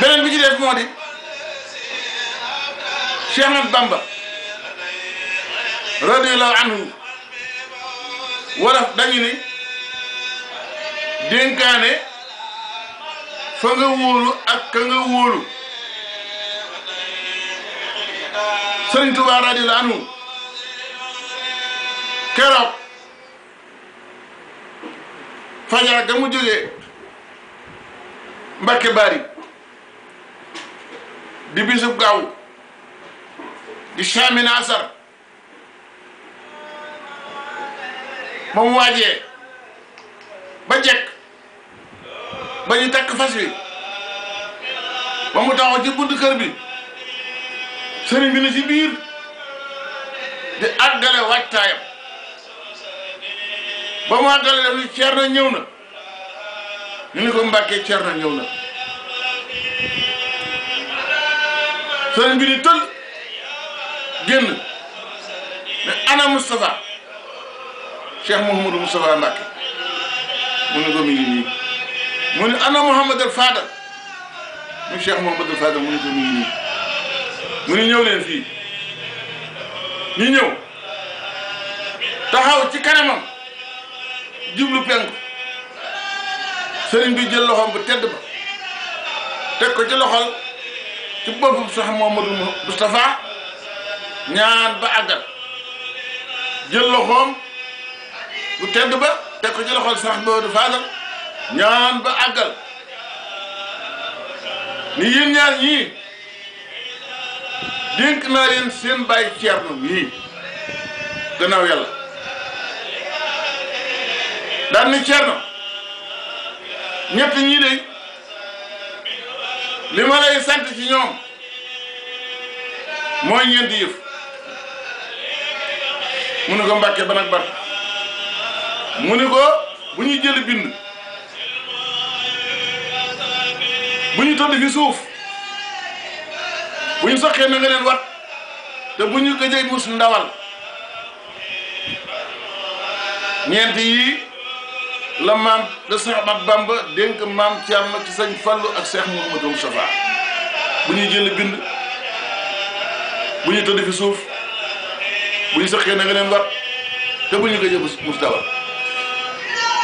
beneen bi ci def moo di Cheikh Ahmad Bamba radiyallahu anhu wala dañu ni dénkaane fa nga wóolu ak ka nga wóolu Sëriñ Tuubaa radiyallahu anhu keroog fajar ga mu jógee Mbàkke di bisub gaw di chamin asar ba waje ba jek ba ñu tak fas wi ba mu taxaw ci buntu kër bi sëriñ bi ne ci biir di àggale waajtaayam ba mu àggale daf ni ceerno ñëw na ñu ni ko mbàkkee ceerno ñëw na sëriñ bi ni tël génn mais ana Moustapha Cheikh Mouhamadou Moustapha Mbacke mu ne ko mi ngi nii mu ana Mouhamadou Fadal mu Cheikh Mouhamadou Fadal mu ne ko mi ngi nii ñëw fii ñu ñëw taxaw ci kanamam jublu penku sëriñ bi jël loxoom bu tedd ba teg ko ci loxol ci boppam sax Mouhamadou Moustapha ñaan ba àggal jël loxoom bu tedd ba teg ko ci loxol sax Mouhamadou Fadal ñaan ba àggal ni yéen ñaar ñii dénk naa leen seen bàyyi Ceerno yii gannaaw yàlla daan ni Ceerno ñett ñii de li ma sant ci ñoom mooy ñeenti yëf mu ne ko mbàkke ban ban mu ne ko bu ñuy jël bind bu ñu tëdd fi suuf bu ñu soqee na nga wat te bu ñu gëjee mus ndawal ñeenti yii la maam la Seex Ahmad Bamba dénk maam Thierno ci sëñ Fallu ak Seex Muhammadul Mustafa bu ñuy jël bind bu ñuy tëdd fi suuf bu ñu sëqee na nga wat te bu ñu ko jëb mus dawal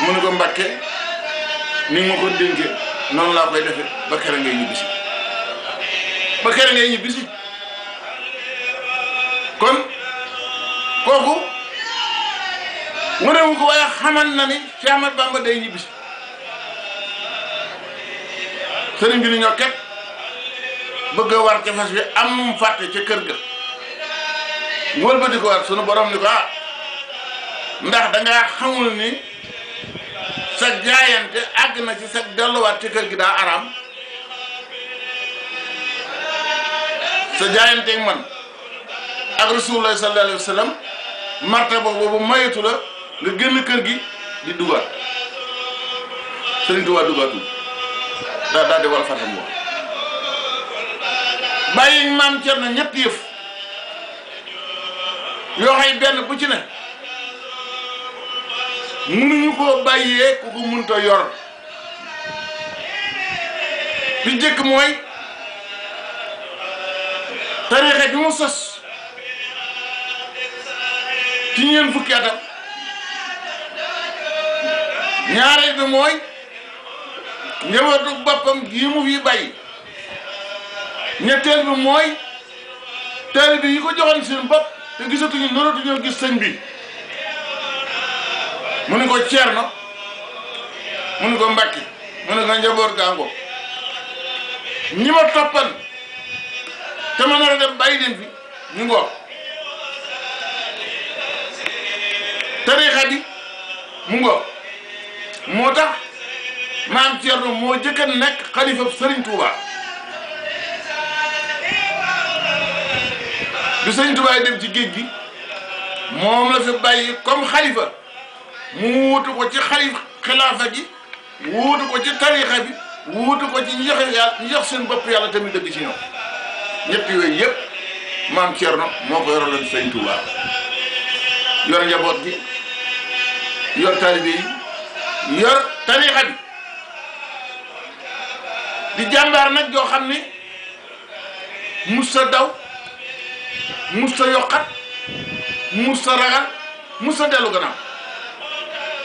mu ne ko Mbàkke ni nga ma ko dénkee noonu laa koy defe ba kere ngay ñibbisi ba kere ngay ñibbisi kon kooku mu ko waaye xamal na ni Cheikh Ahmad Bamba day ñibbi sëriñ bi ni ñoo ket bëgg a war ca fas bi am fàtte ca kër ga mu wëlbati ko war sunu borom ni ko ah ndax dangaa xamul ni sa jaayante àgg na ci sa delluwaat ci kër gi daa araam sa jaayanteeg man ak rasulullah sallallahu alayhi wa sallam mayetu la nga génn kër gi di serigne sering dua tu da dah di wal fatam wax mam cer na ñett yef yo xay benn bu ci ne munuñu koo bàyyee ku ko munta yor bi njëkk moy tariixa bi mu sos ci ñeen fukki atam ñaareel bi mooy njabootu boppam gii mu fi bay ñetteel bi mooy teel bi yi ko joxoon seen bopp te gisatuñu naratuñoo gis sëñ bi mu ni ko Ceerno mu ni ko Mbàkke mu ni ko njaboot gaango ñi ma toppan te ma nar a dem bàyyi leen fi ñu ngoog tariixa di mu ngoog moo tax maam Thierno moo njëkk nekk xalifa Serigne Touba bi Serigne Touba yi dem ci géej gi moom la fi bàyyi comme xalifa mu wuutu ko ci xalif xilaafa gi wuutu ko ci tarixa bi wuutu ko ci njox yàlla njox seen bopp yàlla tamit dëgg ci ñoom ñett yooyu yëpp maam Thierno moo ko yoraloon Serigne Touba yor njaboot gi yor taalibe yi. yor tarixa bi di jàmbaar nag yoo xam ni musta daw musta yokkat musta ragal musta dellu gannaaw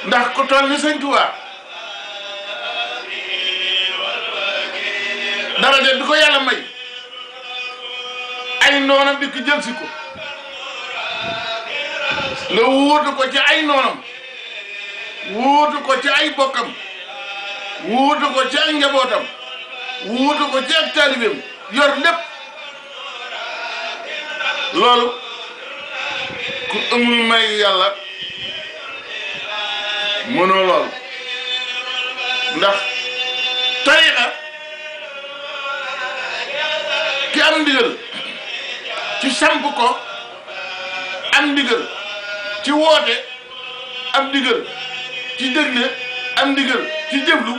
ndax ku toll ni sëñ Tuubaa daraja bi ko yàlla may ay noonam di ko jëlsi ko la wóotu ko ci ay noonam wuutu ko ci ay bokkam wuutu ko ci ay njabootam wuutu ko ci ak taalibeem yor lépp lool ku amul may yàlla mënoo lool ndax tarixa ki am ndigal ci samp ko am ndigal ci woote am ndigal ci dégle am ndigal ci jëflu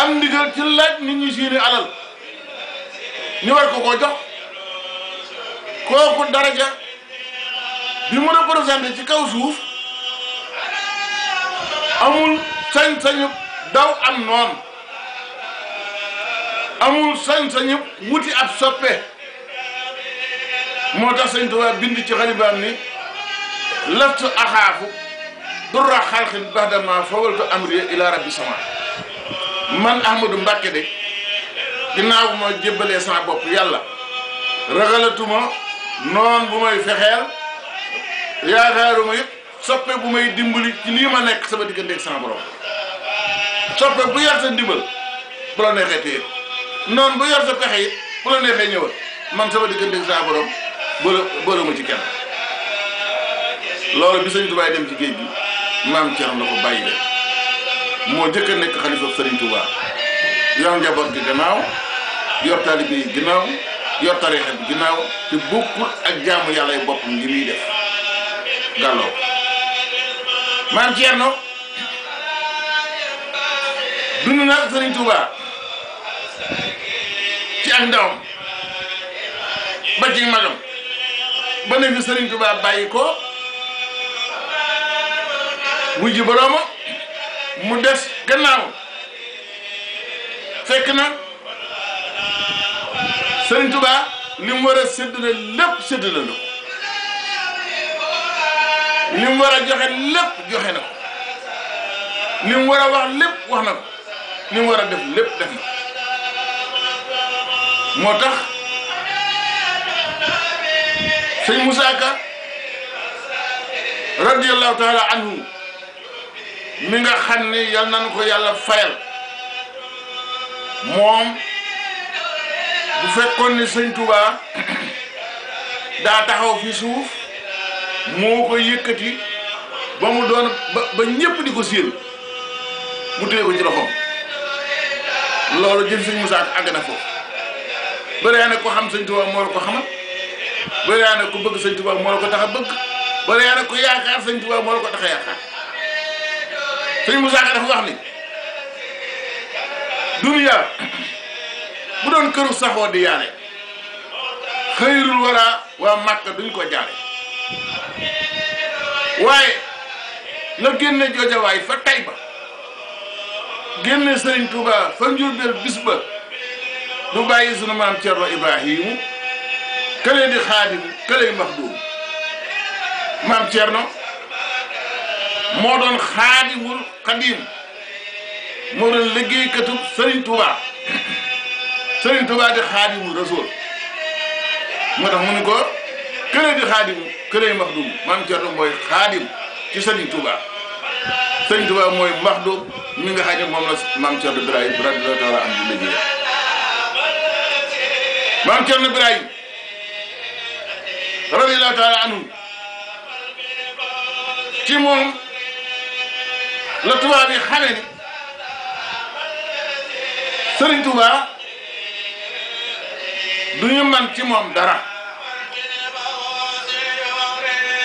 am ndigal ci laaj nit ñi seeni alal ñu war ko koo jox kooku daraja bi mu représenté ci kaw suuf amul sañ-sañu daw am noon amul sañ-sañu wuti ab soppe moo tax Sëñ Tuubaa bind ci am ni lastu axaafu durra xalqin baadama fawaltu amri ila rabbi sama man Ahmadou Mbacke de ginnaaw bu jébbalee sama bopp yàlla ragalatuma noon bu may fexeel yaakaaruma yëpp soppe bu may dimbali ci lii ma nekk sama digganteeg sama borom soppe bu yar sa ndimbal bu la neexee téye noonu bu yar sa pexe it bu la neexee ñëwal man sama digganteeg sama borom bële bële ci kenn loolu bi Sëñ Tuubaa dem ci géej gi. maam Thierno ko bàyyi moo njëkk a nekk xalifa Serigne Touba njaboot bi gannaaw te bokkul ak jaamu yàlla yi boppam li muy def gàlloo maam Thierno dund na ak Serigne ci ak ndawam ba ci magam ba ne fi Serigne bàyyi ko. mu ji borooma mu des gannaaru fekk na Sëriñ Tuubaa li mu war a séddale lépp séddale na ko li mu war a joxe lépp joxe na ko li mu war a wax lépp wax na ko li mu war a def lépp def na moo tax sëñ Moussa Ka radiyallahu taala anhu mi nga xam ni yal nañu ko yàlla fayal moom du fekkoon ni sëñ Touba daa taxaw fi suuf moo ko yëkkati ba mu doon ba ba ñépp di ko séen mu téye ko ci loxoom loolu jël sëñ Moussa àgg na foofu bëri na ko xam sëñ Touba moo la ko xamal bëri na ko bëgg sëñ Touba moo la ko tax a bëgg bëri na ko yaakaar sëñ Touba moo la ko tax a yaakaar sëñ Moussa Ka dafa wax ni duniya bu doon këru saxoo di yaare xëyrul wara waa Màkka duñ ko jaare waaye na génne joojawaay fa tay ba génne Serigne Touba fa njurbel bis ba du bàyyi sunu maam Cerno Ibrahimu kële di xaadim kële Maxduum maam Cerno moo doon xaadimul xadim moo doon liggéeykatu Serigne Touba Serigne Touba di xaadimul rasul moo tax mu ni ko kële di xaadimu kële maxdum maam Cerno mooy xaadim ci Serigne Touba Serigne Touba mooy maxdum mi nga xam ne moom la maam Birahim radiyallahu taala am di ci moom la tubaab yi xamee ni Serigne Touba du man ci moom dara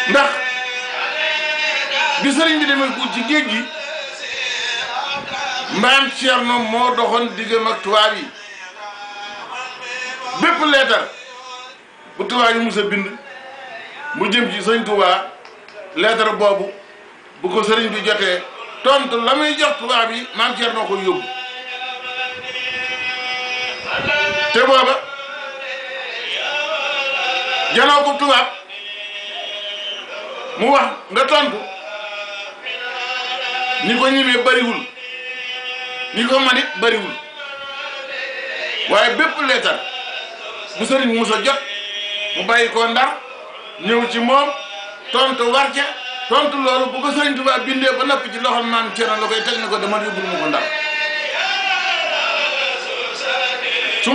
ndax bi Serigne bi demee ku ci géej gi maam Thierno moo doxoon diggam ak tubaab yi bépp leetar bu tubaab yi mus a bind mu jëm ci Serigne Touba leetar boobu bu ko sëriñ bi jotee. tontu la muy jox tubaab yi maam Thierno yóbbu te booba janoo ko tubaab mu wax nga tontu ñi ko ñimee bariwul ñi ko manit bariwul waaye bépp leetar bu sëriñ Musa jot mu bàyyi ko ndar ñëw ci moom tontu war ca tontu loolu bu ko sëriñ Tuubaa bindee ba noppi ci loxol maam Thierno la koy teg ko dama yóbbul mu ko ndax su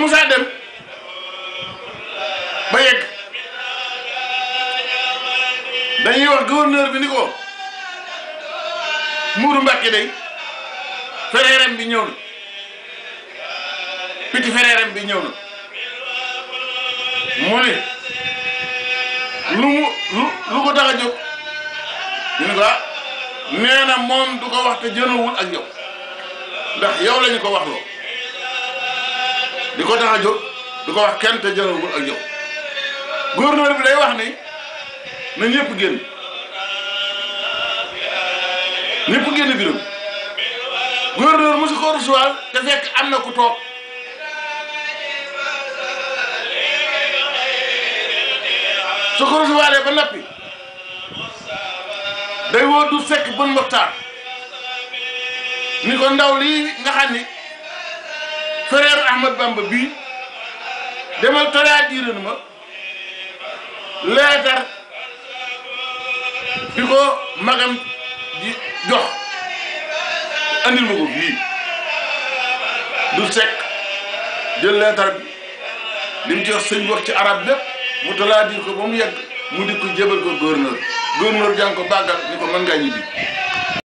bi ni ko muuru Mbàkke day fereeram bi ñëw na piti fereeram bi ñëw na mu ne lu lu lu ko tax ñu ah, ne na moom du ko wax te jënoowul ak yow ndax yow la ñu ko wax loo di ko daxa a jóg du ko wax kenn te jënoowul ak yow gouverneur bi day wax ni na ñëpp génn ñëpp génn biram gouverneur mosu ko recevoir te fekk am na ku toog su ko recevoir ba noppi day woo du sekk bun muxtaar ni ko ndaw lii nga xam ni frère Ahmad Bamba bii demal traduire ma leetar di ko magam ji jox andil ma du sekk jël leetar bi li mu ci wax wax ci arab lépp mu traduire ko ba mu yegg mu di ko ko gouverneur gouverneur jàng ko bàggal ni ko man ngaa ñibbi